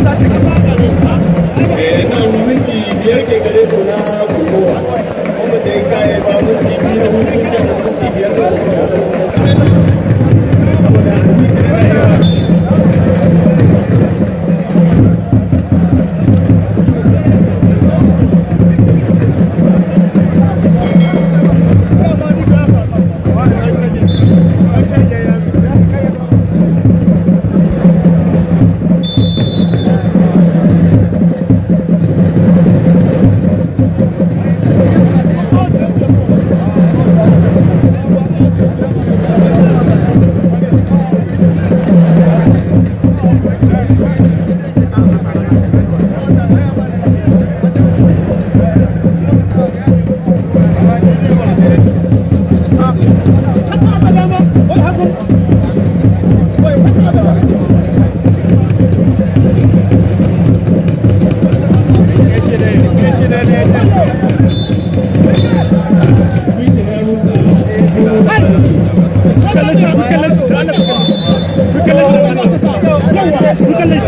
Gracias. Bukalis, Bukalis,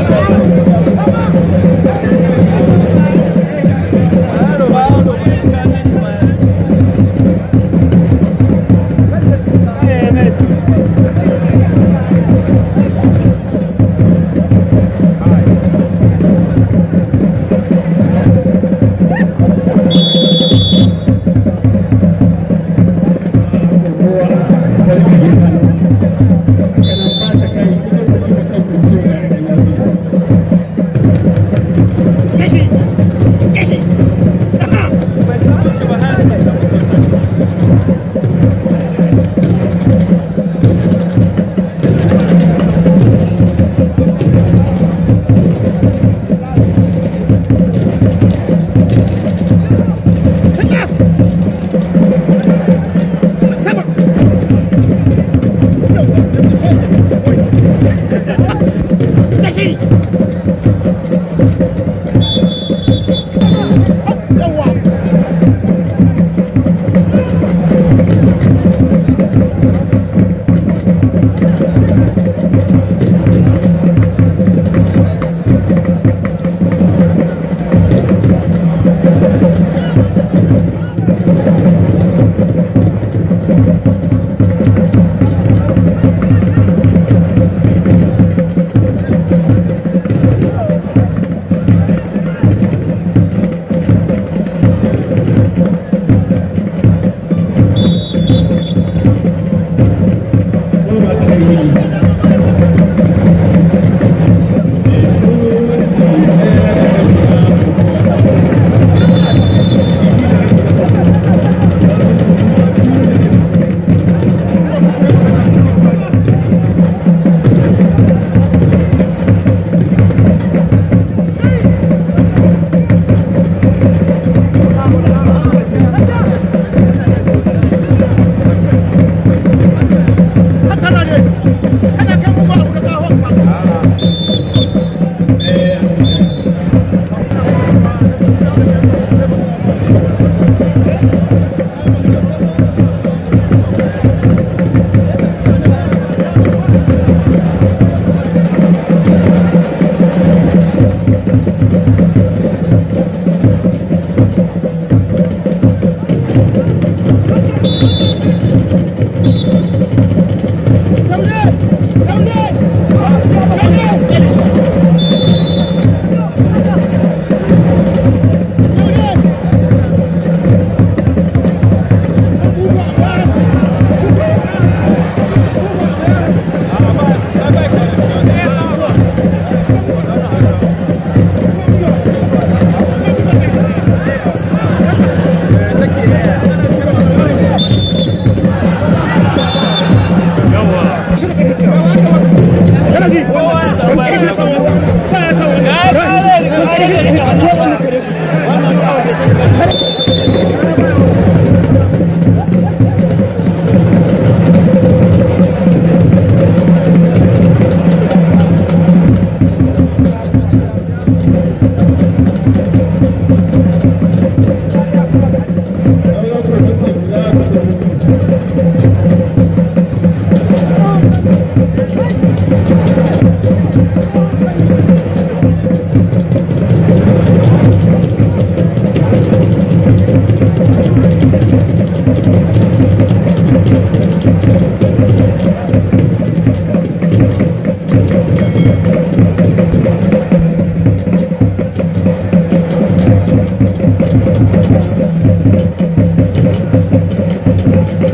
Tashi!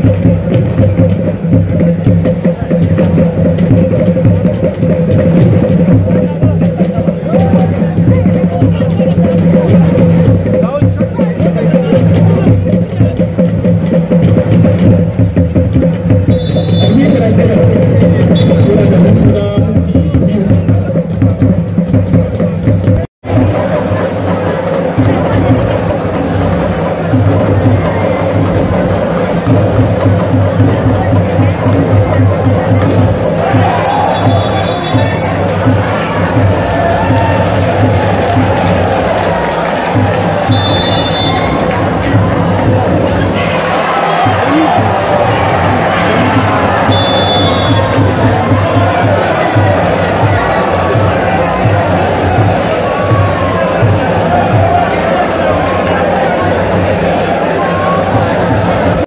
Thank you. Thank you.